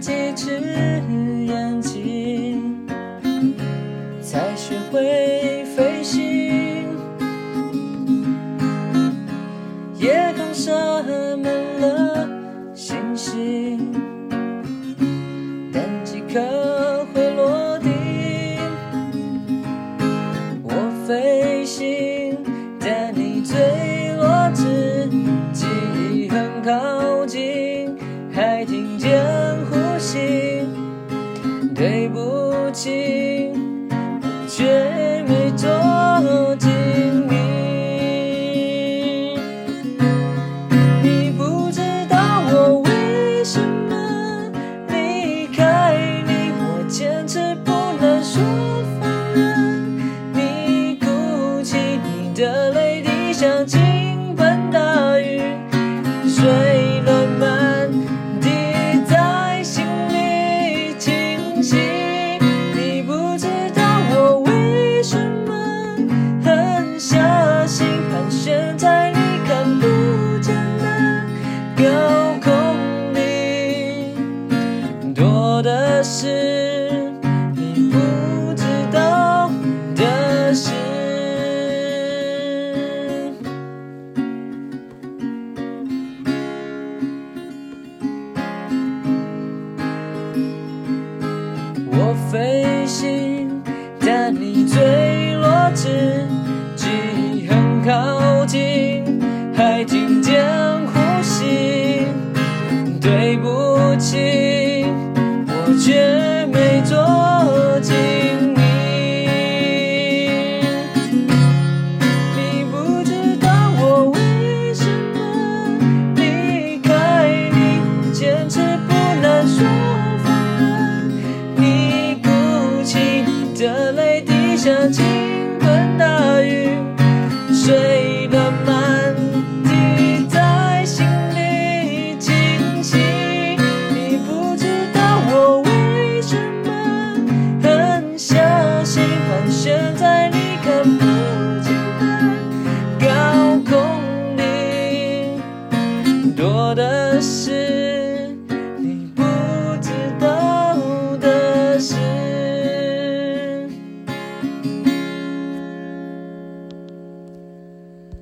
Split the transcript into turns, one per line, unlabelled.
幾次眼睛，才學會飛行。夜空灑滿了星星，但幾顆會落地。我飛行，但你墜落之際很靠近，還聽見。心，對不起。盤旋在你看不見的高空裡，多的是你不知道的事。我飛行。